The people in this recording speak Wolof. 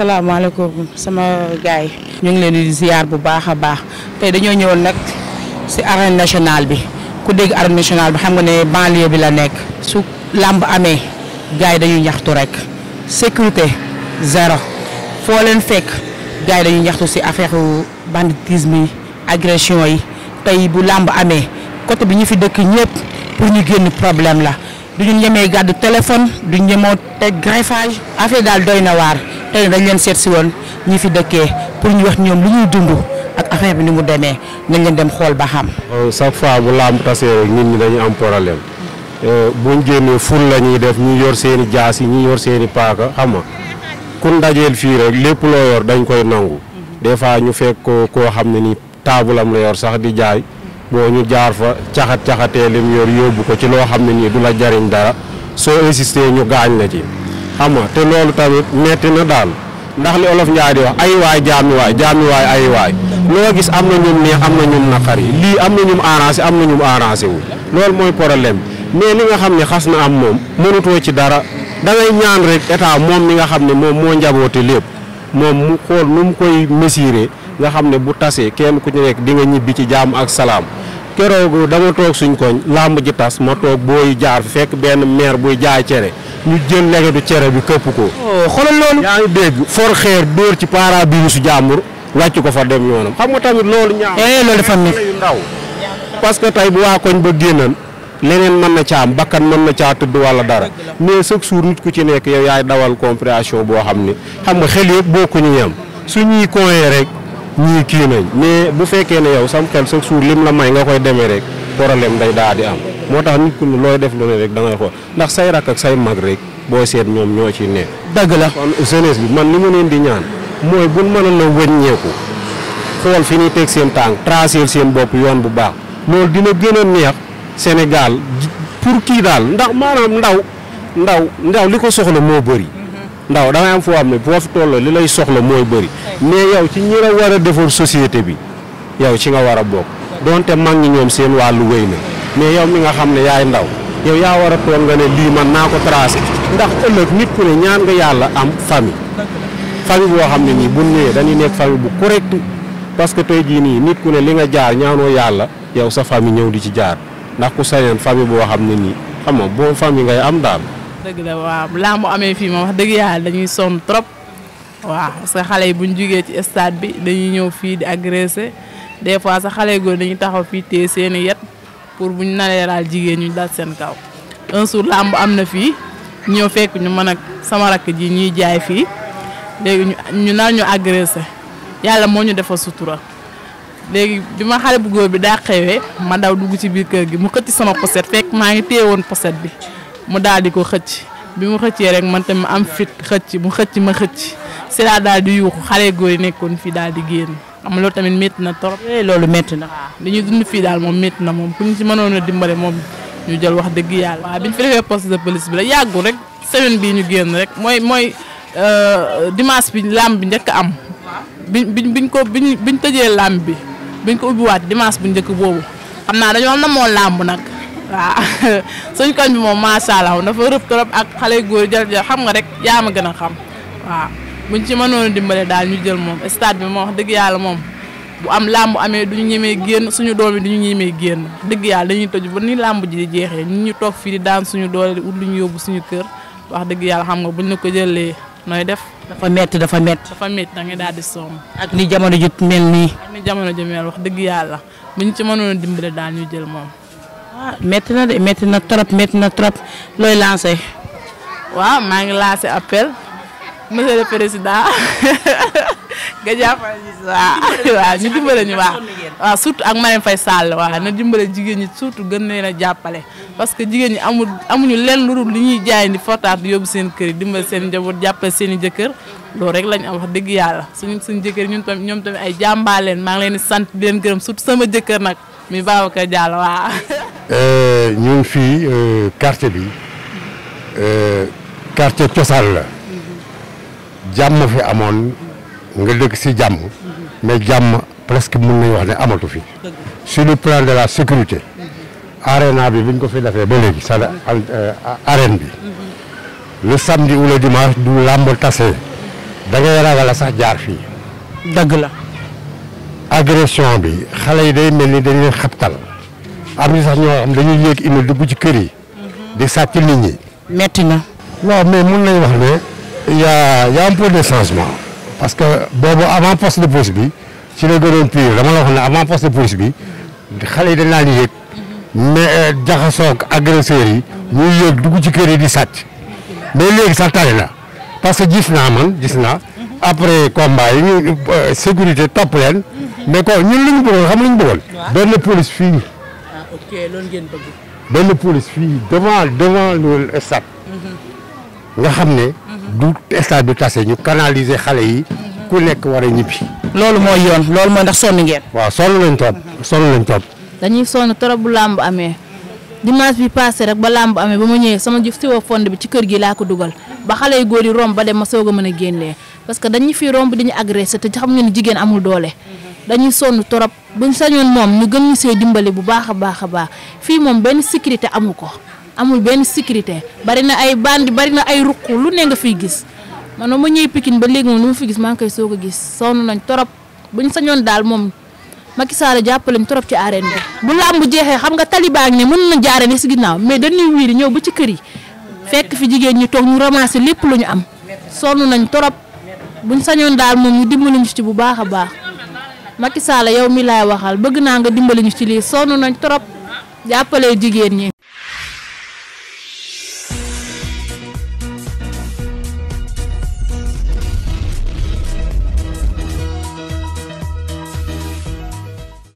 asalaamaaleykum sama gars ñoo ngi leen di ziar bu baax a baax tey dañoo ñëwoon nag si arène nationale bi ku dégg arène nationale bi xam nga ne banlieue bi la nekk. su làmb amee gars yi dañuy ñaxtu rek sécurité zéro foo leen fekk gars yi ñaxtu si affaire banditisme yi agression yi tey bu làmb amee côté bi ñu fi dëkk ñëpp pour ñu génn problème la du ñu ñemee gàddu téléphone du ñu ñemoo teg greffage affaire daal doy na waar. tey dañ leen seet si woon ñi fi dëkkee pour ñu wax ñoom lu ñuy dund ak affaire bi ni mu demee nañ leen dem xool ba xam. Euh, chaque fois bu làmb tasee rek ñi dañu am problème euh, buñ génnee ful la ñuy def ñu yor seen i jaas yi ñu yor seeni paaka xama nga kun fii rek lépp la yor dañ koy nangu des fois ñu fekk ko koo xam ne ni taabulam la yor sax di jaay boo ñu jaar fa caxat caxatee lim yor yóbbu ko ci loo xam ne nii du la jariñ dara soo insister ñu gaañ la ci. xam nga te loolu tamit metti na daan ndax li olof Njaay di wax ay waay jaami waay jaami ay waay gis am na ñum neex am na ñum naqari lii am na ñum arrangé am na ñum arrangé wu loolu mooy problème mais li nga xam ne xas na am moom mënatoo ci dara da ñaan rek état moom mi nga xam ne moom moo njaboote lépp moom mu xool nu mu koy mesurer nga xam ne bu tasee kenn ku ci nekk di nga ñibbi ci jàmm ak salaam keroog dama toog suñ koñ làmb ji tas ma booy jaar fekk benn maire buy jaay cere ñu jël legetu cere bi këpp ko. Oh, xoolal loolu. yaa dégg for xeer dóor ci para bi su jàmbur wàcc ko fa dem yoonam xam nga tamit loolu. ñaaw eh, loolu parce que tey bu waa koñ ba génnoon leneen mën na caa am bakkan mën na caa tëdd wala dara mais chaque jour nit ku ci nekk yow yaay dawal compréhension boo xam ni xam nga xel yëpp bokkuñu yem su ñuy kooyee rek ñii kii nañ mais bu fekkee ne yow sam xel chaque jour lim la may nga koy demee rek. problème day daa di am moo tax nit ku ne looy def lu ne rek da ngay xool ndax say rakk ak say mag rek boo seet ñoom ñoo ci ne dëgg la kon jeunesse bi man li ma leen di ñaan mooy buñ mënoon a wëññeeku xool fi ñuy teg seen tànk tracer seen bopp yoon bu baax loolu dina gën a neex senegal pour kii daal ndax maanaam ndaw ndaw ndaw li ko soxla moo bëri ndaw dangay am foo xam ne boo fi toll li lay soxla mooy bëri mais yow ci ñi la war a defar société bi yow ci donte mag ñi ñoom seen wàllu wéy na mais yow mi nga xam ne yaay ndaw yow yaa war a toog nga ne lii man naa ko tracé ndax ëllëg nit ku ne ñaan nga yàlla am famille famille boo xam ne nii bu ñëwee dañuy nekk famille bu correct parce que tey jii nii nit ku ne li nga jaar ñaanoo yàlla yow sa famille ñëw di ci jaar ndax ku sañoon famille boo xam ne nii xam nga boo famille ngay am daal. dëgg la waaw laa mu amee fii moom wax dëgg yàlla dañuy sonn trop waa parce xale yi bu ñu ci stade bi dañuy ñëw fii di agressé. des fois sax xale góor dañuy taxaw fii téye seen yet pour buñ naree laal jigéen ñu dal seen kaw. un am làmb am na fii ñëw fekk ñu man ak sama rakk ji ñuy jaay fii léegi ñu nar ñu agressé yàlla moo ñu defal sutura léegi bi ma xale bu góor bi daa xewee ma daw dugg ci biir kër gi mu xëcc sama poset fekk maa ngi téye woon poset bi mu daal di ko xëcc bi mu xëccee rek man tamit ma am fit xëcc mu xëcc ma xëcc si laa daal di yuuxu xale góor yi nekkoon fii daal di génn. xam loolu tamit métti na trop. Eh, loolu métti na. waaw li ñuy dund fii daal moom métti na moom ku ñu si mënoon a dimbale moom ñu jël wax dëgg yàlla. waaw bi ñu fi defee poste de police bi la yàggul rek semaine bii ñu génn rek mooy mooy euh, dimanche bi làmb bi njëkk am. bi biñ ko biñ biñ tëjee làmb bi biñ ko ubbiwaat dimanche bu njëkk boobu xam naa dañoo am na moo làmb nag. waaw suñ koñ bi moom macha allah dafa rëb trop ak xale góor jar jar xam nga rek yaa ma gën a xam waaw. buñ ci mënoon a daal ñu moom stade bi dëgg yàlla moom bu am làmb amee duñu ñemee génn suñu doom yi duñu ñemee génn dëgg yàlla dañuy tëj ba ni làmb ji di ñu toog fii di suñu doole di ut ñu yóbbu suñu kër wax dëgg yàlla xam nga buñ la ko jëlee nooy def. dafa métti dafa métti. dafa métti da nga daal di soom ak ni jamono ju mel nii. ak ni jamono ju mel wax dëgg yàlla buñ ci mënoon a dimbale daal ñu jël moom. ah métti na métti na trop metti na trop looy lancé. waaw maa ngi lancé appel. monsieur le président nga jàppale ñu si waaw waaw ñu dimbale ñu waaw waaw surtout ak Marème Faye Sall waaw na dimbale jigéen ñi surtout gën leen a jàppale parce que jigéen ñi amul amuñu lenn lu dul li ñuy jaay di fotaat yóbbu seen kër yi dimbale seen njaboot jàppale seen i jëkkër loolu rek lañ am wax dëgg yàlla suñu suñu jëkkër ñun tam ñoom tamit ay jàmbaar leen maa ngi leen sant leen gërëm surtout sama jëkkër nag mi Babacar Diallo waaw euh, ñun fii euh, quartier bi euh, quartier cosaan la jàmm fi amoon nga dëkk si jàmm mais jàmm presque mën nañu wax ne amatu fi sur le plan de la sécurité arena bi bi ñu ko fi defee ba léegi sa euh, arène bi le samedi ou le dimanche du làmb tase da ngay ragal a sax jaar fii dëgg la agression bi xale yi day mel ni dañ leen xabtal am ni sax ñoo xam dañuy yéeg indi dugg ci kër yi di sàcc nit ñi metti na non mais mun nañ wax ne y a y a de changement parce que boobu avant poste de police bi ci la gënoon pire dama la wax ne avant poste de police bi xale yi dañ naan yëg mais euh, jaxasoo ak agresseurs yi ñuy yëg dugg ci kër yi di sàcc mais léegi sax na parce que gis naa man gis naa après combat yi ñu euh, sécurité topp leen mais ko ñun li ñu bëggoon xam li ñu bëggoon benn police fii ah, ok loolu benn police fii devant devant le stade mhm. nga xam ne du stade du tase ñu canaliser xale yi ku nekk war a ñibbi. loolu mooy yoon loolu mooy ndax sonn ngeen. waaw sonn lañ topp sonn lañ dañuy sonn trop bu làmb amee dimanche bi passé rek ba làmb amee ba ma ñëwee sama jëf si bi ci kër gi laa ko dugal ba xale góor yi romb ba dem ma soog mën a génnee parce que dañuy fi romb dañu agressé te xam nga ni jigéen amul doole. dañuy sonn trop buñ sañoon moom ñu gën ñu see dimbali bu baax a baax a baax fii moom benn sécurité amu ko. amul benn sécurité bari na ay bandi bari na ay ruq lu ne nga fiy gis man ma ñëw pikin ba léegi moom lu ma fi gis maa ngi koy soog a gis sonn nañ torop bu ñu sañoon daal moom Macky Sall jàppale ñu ci arène bi bu làmb jeexee xam nga talibaag ne mën na jaare ne si ginnaaw mais dañuy wiiri ñëw ba ci kër yi fekk fi jigéen ñi toog ñu ramassé lépp lu am sonn nañ torop bu sañoon daal moom ñu dimbali ñu ci bu baax a baax Macky Sall yow mi laay waxal bëgg naa nga dimbali ñu ci lii sonn nañ torop jàppale jigéen ñi.